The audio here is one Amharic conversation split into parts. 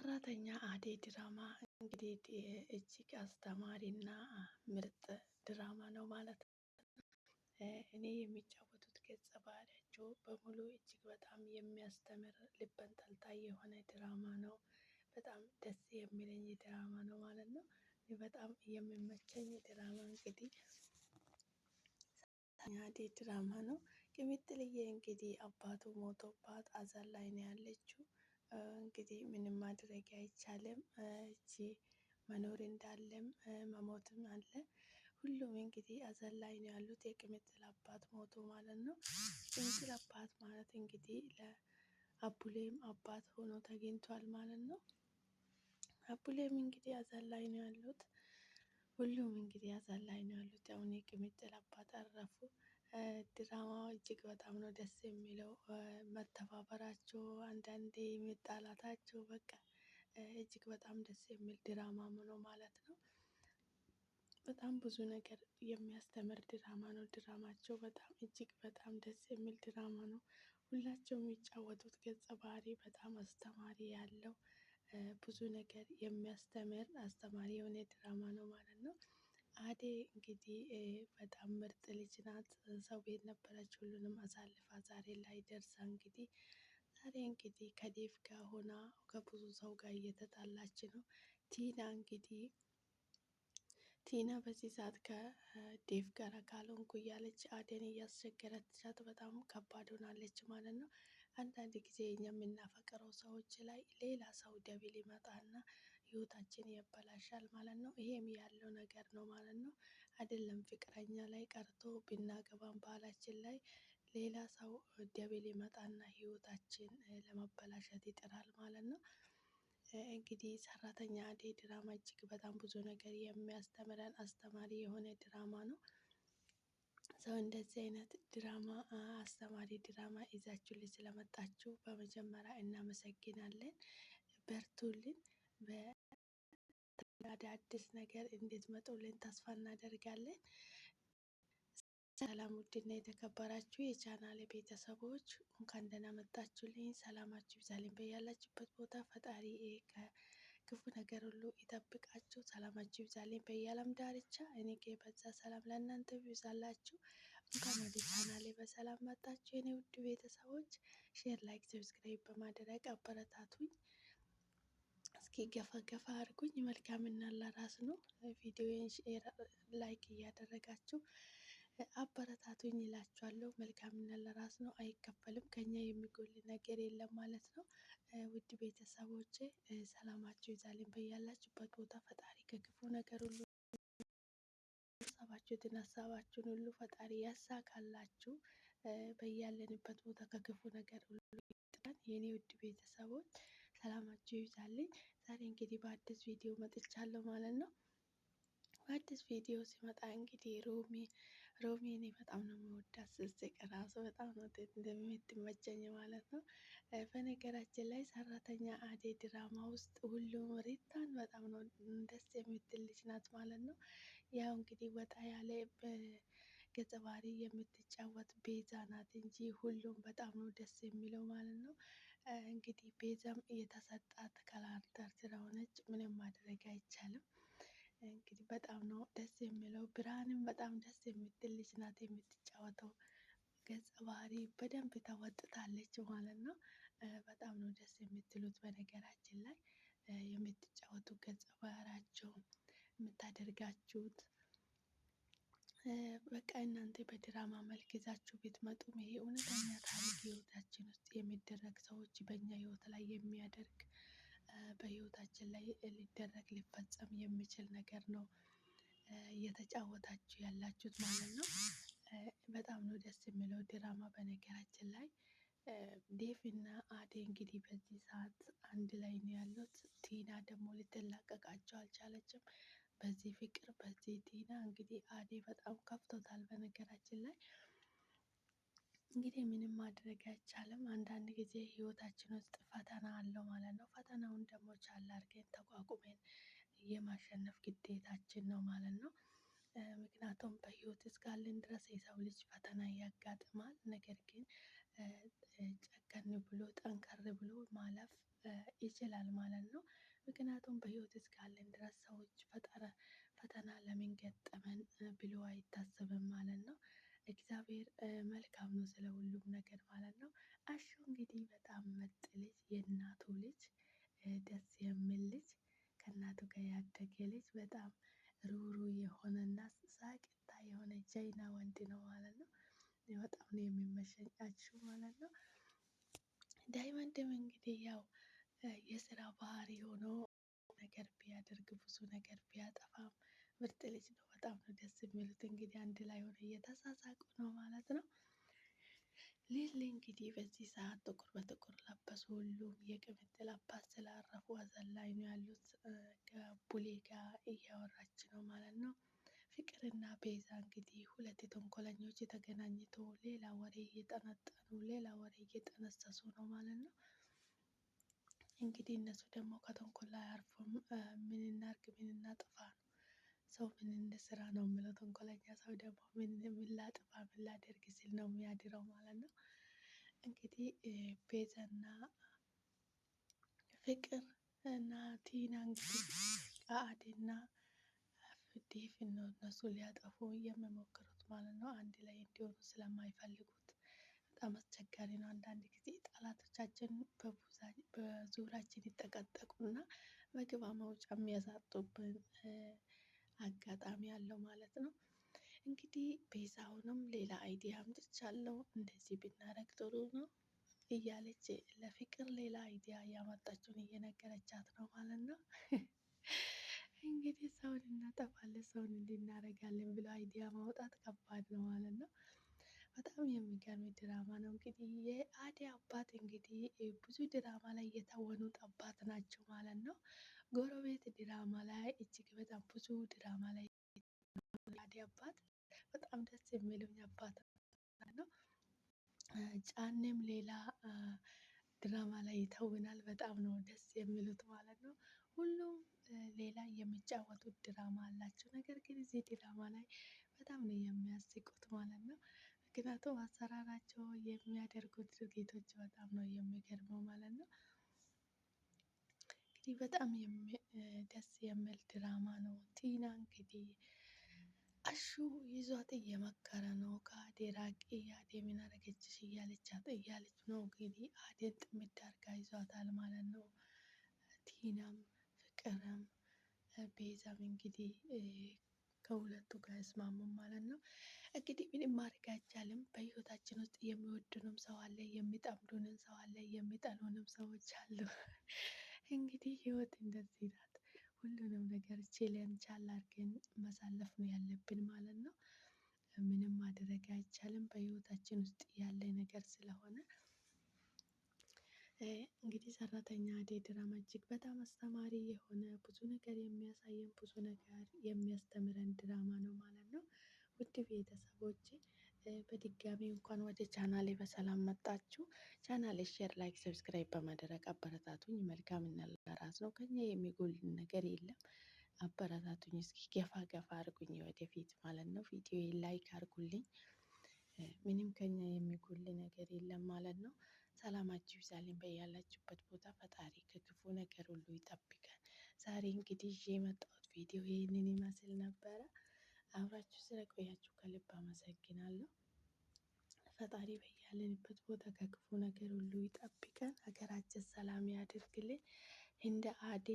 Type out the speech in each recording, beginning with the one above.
ሰራተኛ አደይ ድራማ እንግዲህ እጅግ አስተማሪ እና ምርጥ ድራማ ነው ማለት ነው። እኔ የሚጫወቱት ገጸ ባህሪያቸው በሙሉ እጅግ በጣም የሚያስተምር ልበን ጠልጣይ የሆነ ድራማ ነው። በጣም ደስ የሚለኝ ድራማ ነው ማለት ነው። በጣም የሚመቸኝ ድራማ እንግዲህ ሰራተኛ አደይ ድራማ ነው። ቅምጥልዬ እንግዲህ አባቱ ሞቶባት አዘን ላይ ነው ያለችው። እንግዲህ ምንም ማድረግ አይቻልም። እቺ መኖር እንዳለም መሞትም አለ። ሁሉም እንግዲህ አዘን ላይ ነው ያሉት። የቅምጥል አባት ሞቶ ማለት ነው። ቅምጥል አባት ማለት እንግዲህ ለአቡሌም አባት ሆኖ ተገኝቷል ማለት ነው። አቡሌም እንግዲህ አዘን ላይ ነው ያሉት። ሁሉም እንግዲህ አዘን ላይ ነው ያሉት። አሁን የቅምጥል አባት አረፉ። ድራማው እጅግ በጣም ነው ደስ የሚለው መተባበራቸው አንዳንዴ የሚጣላታቸው በቃ እጅግ በጣም ደስ የሚል ድራማ ነው ማለት ነው። በጣም ብዙ ነገር የሚያስተምር ድራማ ነው። ድራማቸው በጣም እጅግ በጣም ደስ የሚል ድራማ ነው። ሁላቸው የሚጫወቱት ገጸ ባህሪ በጣም አስተማሪ ያለው ብዙ ነገር የሚያስተምር አስተማሪ የሆነ ድራማ ነው ማለት ነው። አዴ እንግዲህ በጣም ምርጥ ልጅ ናት። ሰው ቤት ነበረች ሁሉንም አሳልፋ ዛሬ ላይ ደርሳ እንግዲህ ዛሬ እንግዲህ ከዴፍ ጋር ሆና ከብዙ ሰው ጋር እየተጣላች ነው። ቲና እንግዲህ ቲና በዚህ ሰዓት ከዴፍ ጋር ካልሆንኩ እያለች አደን እያስቸገረቻት በጣም ከባድ ሆናለች ማለት ነው። አንዳንድ ጊዜ እኛ የምናፈቅረው ሰዎች ላይ ሌላ ሰው ደብል ይመጣና ህይወታችን ያበላሻል ማለት ነው። ይሄም ያለው ነገር ነው ማለት ነው። አይደለም ፍቅረኛ ላይ ቀርቶ ብናገባም ባህላችን ላይ ሌላ ሰው ደብል ይመጣና ህይወታችን ለመበላሸት ይጥራል ማለት ነው። እንግዲህ ሰራተኛ አደይ ድራማ እጅግ በጣም ብዙ ነገር የሚያስተምረን አስተማሪ የሆነ ድራማ ነው። ሰው እንደዚህ አይነት ድራማ አስተማሪ ድራማ ይዛችሁልን ስለመጣችሁ በመጀመሪያ እናመሰግናለን። በርቱልን። አዲስ ነገር እንዴት መጡልን ተስፋ እናደርጋለን። ሰላም ውድና የተከበራችሁ የቻናል ቤተሰቦች እንኳን ደህና መጣችሁልኝ። ሰላማችሁ ይብዛልኝ በያላችሁበት ቦታ ፈጣሪ ክፉ ነገር ሁሉ ይጠብቃችሁ። ሰላማችሁ ይብዛልኝ በየዓለም ዳርቻ። እኔ በዛ ሰላም ለእናንተ ይብዛላችሁ። እንኳን ወደ ቻናሌ በሰላም መጣችሁ የኔ ውድ ቤተሰቦች። ሼር፣ ላይክ፣ ሰብስክራይብ በማድረግ አበረታቱኝ። እስኪ ገፋ ገፋ አድርጉኝ። መልካም መልካምና ለራስ ነው። ቪዲዮዬን ላይክ እያደረጋችሁ አበረታቱኝ ይላችኋለሁ። መልካም መልካምና ለራስ ነው፣ አይከፈልም። ከኛ የሚጎል ነገር የለም ማለት ነው። ውድ ቤተሰቦቼ ሰላማችሁ ይዛልኝ። በያላችሁበት ቦታ ፈጣሪ ከክፉ ነገር ሁሉ ሰባችሁትን ሀሳባችሁን ሁሉ ፈጣሪ ያሳካላችሁ። በያለንበት ቦታ ከክፉ ነገር ሁሉ ይጠብቀን የኔ ውድ ቤተሰቦች። ሰላማችሁ ይብዛልኝ። ዛሬ እንግዲህ በአዲስ ቪዲዮ መጥቻለሁ ማለት ነው። በአዲስ ቪዲዮ ሲመጣ እንግዲህ ሮሚ ሮሚ እኔ በጣም ነው የምወዳት ስስቅ ራሱ በጣም ነው የምትመቸኝ ማለት ነው። በነገራችን ላይ ሰራተኛ አደይ ድራማ ውስጥ ሁሉም ሪታን በጣም ነው ደስ የምትል ልጅ ናት ማለት ነው። ያው እንግዲህ ወጣ ያለ ገጸ ባህሪ የምትጫወት ቤዛ ናት እንጂ ሁሉም በጣም ነው ደስ የሚለው ማለት ነው። እንግዲህ ቤዛም እየተሰጣት ካላንተር ስለሆነች ምንም ማድረግ አይቻልም። እንግዲህ በጣም ነው ደስ የሚለው። ብርሃንም በጣም ደስ የምትል ልጅ ናት። የምትጫወተው ገጸ ባህሪ በደንብ ተወጥታለች ማለት ነው። በጣም ነው ደስ የምትሉት። በነገራችን ላይ የምትጫወቱ ገጸ ባህሪያቸው የምታደርጋችሁት በቃ እናንተ በድራማ መልክ ይዛችሁ ብትመጡም ይሄ እውነተኛ ታሪክ ህይወታችን ውስጥ የሚደረግ ሰዎች በእኛ ህይወት ላይ የሚያደርግ በህይወታችን ላይ ሊደረግ ሊፈጸም የሚችል ነገር ነው እየተጫወታችሁ ያላችሁት ማለት ነው። በጣም ነው ደስ የሚለው ድራማ። በነገራችን ላይ ዴቭ እና አዴ እንግዲህ በዚህ ሰዓት አንድ ላይ ነው ያሉት። ቲና ደግሞ ልትላቀቃቸው አልቻለችም። በዚህ ፍቅር በዚህ ጤና እንግዲህ አዴ በጣም ከፍቶታል። በነገራችን ላይ እንግዲህ ምንም ማድረግ አይቻልም። አንዳንድ ጊዜ ህይወታችን ውስጥ ፈተና አለው ማለት ነው። ፈተናውን ደግሞ ቻል አድርገን ተቋቁመን የማሸነፍ ግዴታችን ነው ማለት ነው። ምክንያቱም በህይወት እስካለን ድረስ የሰው ልጅ ፈተና ያጋጥማል። ነገር ግን ጨከን ብሎ ጠንከር ብሎ ማለፍ ይችላል ማለት ነው። ምክንያቱም በህይወት እስካለን ድረስ ሰዎች ፈተና ለምን ገጠመን ብሎ አይታሰብም ማለት ነው። እግዚአብሔር መልካም ነው ስለ ሁሉም ነገር ማለት ነው። አሹ እንግዲህ በጣም መጥ ልጅ፣ የእናቱ ልጅ፣ ደስ የሚል ልጅ፣ ከእናቱ ጋር ያደገ ልጅ፣ በጣም ሩሩ የሆነና ሳቂታ የሆነ ጀይና ወንድ ነው ማለት ነው። በጣም ነው የሚመሰጣችሁ ማለት ነው። ዳይመንድም እንግዲህ ያው የስራ ባህሪ ሆኖ ነገር ቢያደርግ ብዙ ነገር ቢያጠፋም ምርጥ ልጅ ነው። በጣም ነው ደስ የሚሉት። እንግዲህ አንድ ላይ ሆነ እየተሳሳቁ ነው ማለት ነው። ሊሊ እንግዲህ በዚህ ሰዓት ጥቁር በጥቁር ለበሱ። ሁሉም የቅምጥል አባት ስላረፉ ሀዘን ላይ ነው ያሉት። ከቡሌ ጋር እያወራች ነው ማለት ነው። ፍቅርና ቤዛ እንግዲህ ሁለት የተንኮለኞች የተገናኝተው ሌላ ወሬ እየጠነጠኑ ሌላ ወሬ እየጠነሰሱ ነው ማለት ነው። እንግዲህ እነሱ ደግሞ ከተንኮል አያርፉም። ምን እናርግ፣ ምን እናጥፋ ነው ሰው ምን እንስራ ነው የሚለው። ተንኮለኛ ሰው ደግሞ ምን ላጥፋ፣ ምን ላደርግ ሲል ነው የሚያድረው ማለት ነው። እንግዲህ ቤዛና ፍቅር እና ቲና እንግዲህ አአዴና ዴቭ እነሱ ሊያጠፉ የሚሞክሩት ማለት ነው። አንድ ላይ እንዲሆኑ ስለማይፈልጉ በጣም አስቸጋሪ ነው። አንዳንድ ጊዜ ጠላቶቻችን በዙሪያችን ይጠቀጠቁና መግባ መውጫ የሚያሳጡብን አጋጣሚ አለው ማለት ነው። እንግዲህ ቤዛ አሁንም ሌላ አይዲያ አምጥቻለሁ እንደዚህ ብናረግ ጥሩ ነው እያለች ለፍቅር ሌላ አይዲያ እያመጣችውን እየነገረቻት ነው ማለት ነው። እንግዲህ ሰውን እናጠፋለን፣ ሰውን እንድናረጋለን ብሎ አይዲያ ማውጣት ከባድ ነው ማለት ነው። በጣም የሚገርም ድራማ ነው። እንግዲህ የአደይ አባት እንግዲህ ብዙ ድራማ ላይ የተወኑት አባት ናቸው ማለት ነው። ጎረቤት ድራማ ላይ እጅግ በጣም ብዙ ድራማ ላይ የአደይ አባት በጣም ደስ የሚሉኝ አባት ነው። ጫኔም ሌላ ድራማ ላይ ይተውናል። በጣም ነው ደስ የሚሉት ማለት ነው። ሁሉም ሌላ የሚጫወቱት ድራማ አላቸው። ነገር ግን እዚህ ድራማ ላይ በጣም ነው የሚያስቁት ማለት ነው። ምክንያቱም አሰራራቸው የሚያደርጉት ድርጊቶች በጣም ነው የሚገርመው ማለት ነው። እንግዲህ በጣም ደስ የሚል ድራማ ነው። ቲና እንግዲህ አሹ ይዟት እየመከረ ነው። ከአዴ ራቂ፣ አዴ ምን አረገችሽ እያለቻት እያለች ነው እንግዲህ አዴን ጥምድ አርጋ ይዟታል ማለት ነው። ቲናም ፍቅርም ቤዛም እንግዲህ ከሁለቱ ጋር አይስማሙም ማለት ነው። እንግዲህ ምንም ማድረግ አይቻልም። በህይወታችን ውስጥ የሚወዱንም ሰው አለ፣ የሚጠምዱንም ሰው አለ፣ የሚጠሉንም ሰዎች አሉ። እንግዲህ ህይወት እንደዚህ ናት። ሁሉንም ነገር ችለን ቻል አድርገን ማሳለፍ ነው ያለብን ማለት ነው። ምንም ማድረግ አይቻልም። በህይወታችን ውስጥ ያለ ነገር ስለሆነ እንግዲህ ሰራተኛ አደይ ድራማ እጅግ በጣም አስተማሪ የሆነ ብዙ ነገር የሚያሳየን ብዙ ነገር የሚያስተምረን ድራማ ነው ማለት ነው። ውድ ቤተሰቦች በድጋሚ እንኳን ወደ ቻናሌ በሰላም መጣችሁ። ቻናሌ ሼር፣ ላይክ፣ ሰብስክራይብ በማድረግ አበረታቱኝ። መልካምና ለራስ ነው። ከኛ የሚጎል ነገር የለም። አበረታቱኝ። እስኪ ገፋ ገፋ አርጉኝ ወደፊት ማለት ነው። ቪዲዮ ላይክ አርጉልኝ። ምንም ከኛ የሚጎል ነገር የለም ማለት ነው። ሰላማችሁ ይብዛልኝ በያላችሁበት ቦታ ፈጣሪ ከክፉ ነገር ሁሉ ይጠብቀን። ዛሬ እንግዲህ ይዤ የመጣሁት ቪዲዮ ይህንን ይመስል ነበረ። አብራችሁ ስለቆያችሁ ከልብ አመሰግናለሁ። ፈጣሪ በያለንበት ቦታ ከክፉ ነገር ሁሉ ይጠብቀን። ሀገራችን ሰላም ያድርግልን። እንደ አዴ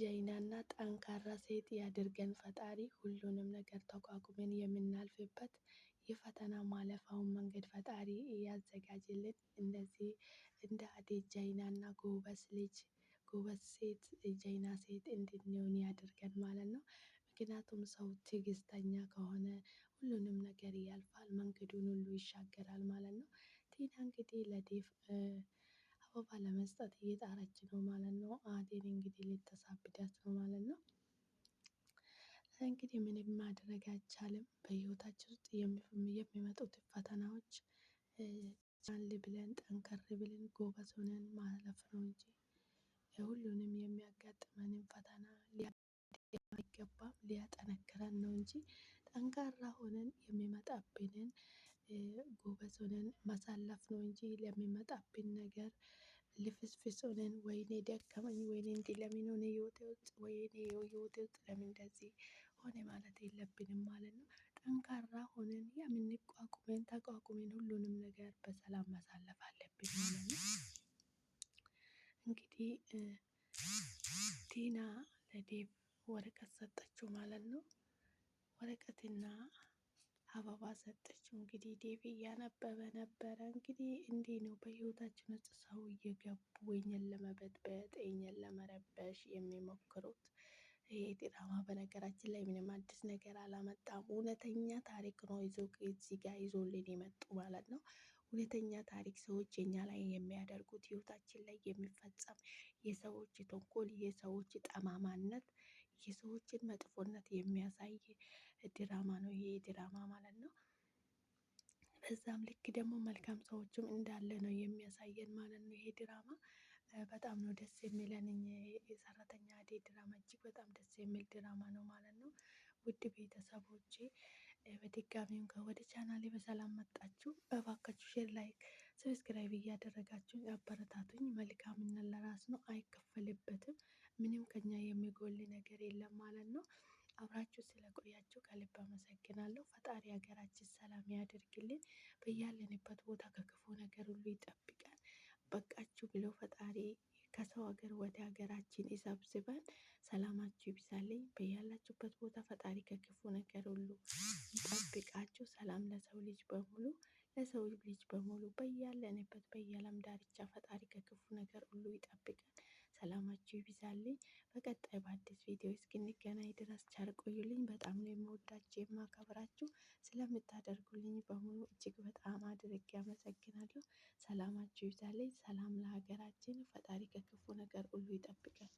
ጀይናና ጠንካራ ሴት ያድርገን ፈጣሪ። ሁሉንም ነገር ተቋቁመን የምናልፍበት የፈተና ማለፋውን መንገድ ፈጣሪ ያዘጋጅልን። እንደዚህ እንደ አዴት ጀይናና ጎበዝ ልጅ ጎበዝ ሴት ጀይና ሴት እንድንሆን ያደርገን ማለት ነው። ምክንያቱም ሰው ትዕግስተኛ ከሆነ ሁሉንም ነገር ያልፋል፣ መንገዱን ሁሉ ይሻገራል ማለት ነው። ቲና እንግዲህ ለዴፍ አበባ ለመስጠት እየጣረች ነው ማለት ነው። አዴን እንግዲህ ልታሳብዳት ነው ማለት ነው። እንግዲህ ምንም ማድረግ አይቻልም። በህይወታችን ውስጥ የሚመጡት ፈተናዎች ቻል ብለን ጠንከር ብለን ጎበዝ ሆነን ማለፍ ነው እንጂ ሁሉንም የሚያጋጥመንን ፈተና አይገባም ሊያጠነክረን ነው እንጂ ጠንካራ ሆነን የሚመጣብንን ጎበዝ ሆነን ማሳለፍ ነው እንጂ ለሚመጣብን ነገር ልፍስፍስ ሆነን ወይኔ ደከመኝ፣ ወይኔ እንዲህ ለምን ሆነ ህይወቴ ውስጥ፣ ወይኔ ህይወቴ ውስጥ ለምን እንደዚህ ሆነ ማለት የለብንም ማለት ነው። ጠንካራ ሆነን የምንቋቁመን ተቋቁመን ሁሉንም ነገር በሰላም ማሳለፍ አለብን ማለት ነው። እንግዲህ ቲና ለዴቭ ወረቀት ሰጠችው ማለት ነው። ወረቀትና አበባ ሰጠችው። እንግዲህ ዴቭ እያነበበ ነበረ። እንግዲህ እንዲህ ነው በህይወታችን ውስጥ ሰው እየገቡ እኛን ለመበጥበጥ እኛን ለመረበሽ የሚሞክሩት ይሄ ድራማ በነገራችን ላይ ምንም አዲስ ነገር አላመጣም። እውነተኛ ታሪክ ነው ይዞ እዚህ ጋር ይዞልን የመጡ ማለት ነው። እውነተኛ ታሪክ ሰዎች የኛ ላይ የሚያደርጉት ህይወታችን ላይ የሚፈጸም የሰዎች ተንኮል፣ የሰዎች ጠማማነት፣ የሰዎችን መጥፎነት የሚያሳይ ድራማ ነው ይሄ ድራማ ማለት ነው። በዛም ልክ ደግሞ መልካም ሰዎችም እንዳለ ነው የሚያሳየን ማለት ነው ይሄ ድራማ። በጣም ነው ደስ የሚለን የሰራተኛ አደይ ድራማ እጅግ በጣም ደስ የሚል ድራማ ነው ማለት ነው። ውድ ቤተሰቦቼ በድጋሚም ወደ ቻናሌ በሰላም መጣችሁ። እባካችሁ ሼር፣ ላይክ፣ ሰብስክራይብ እያደረጋችሁ አበረታቱኝ። እና ለራስ ነው አይከፈልበትም። ምንም ከኛ የሚጎል ነገር የለም ማለት ነው። አብራችሁ ስለቆያችሁ ከልብ አመሰግናለሁ። ፈጣሪ ሀገራችን ሰላም ያደርግልን፣ በያለንበት ቦታ ከክፉ ነገር ሁሉ ይጠብቃል። በቃችሁ ብሎ ፈጣሪ ከሰው ሀገር ወደ ሀገራችን ይሰብስበን። ሰላማችሁ ይብዛልኝ። በያላችሁበት ቦታ ፈጣሪ ከክፉ ነገር ሁሉ ይጠብቃችሁ። ሰላም ለሰው ልጅ በሙሉ ለሰው ልጅ በሙሉ በያለንበት በየዓለም ዳርቻ ፈጣሪ ከክፉ ነገር ሁሉ ይጠብቃል። ሰላማችሁ ይብዛልኝ። በቀጣይ በአዲስ ቪዲዮ እስክንገናኝ ድረስ ቻር ቆዩልኝ። በጣም ነው የምወዳችሁ የማከብራችሁ። ስለምታደርጉልኝ በሙሉ እጅግ በጣም አድርጌ አመሰግናለሁ። ሰላማችሁ ይብዛልኝ። ሰላም ለሀገራችን። ፈጣሪ ከክፉ ነገር ሁሉ ይጠብቀን።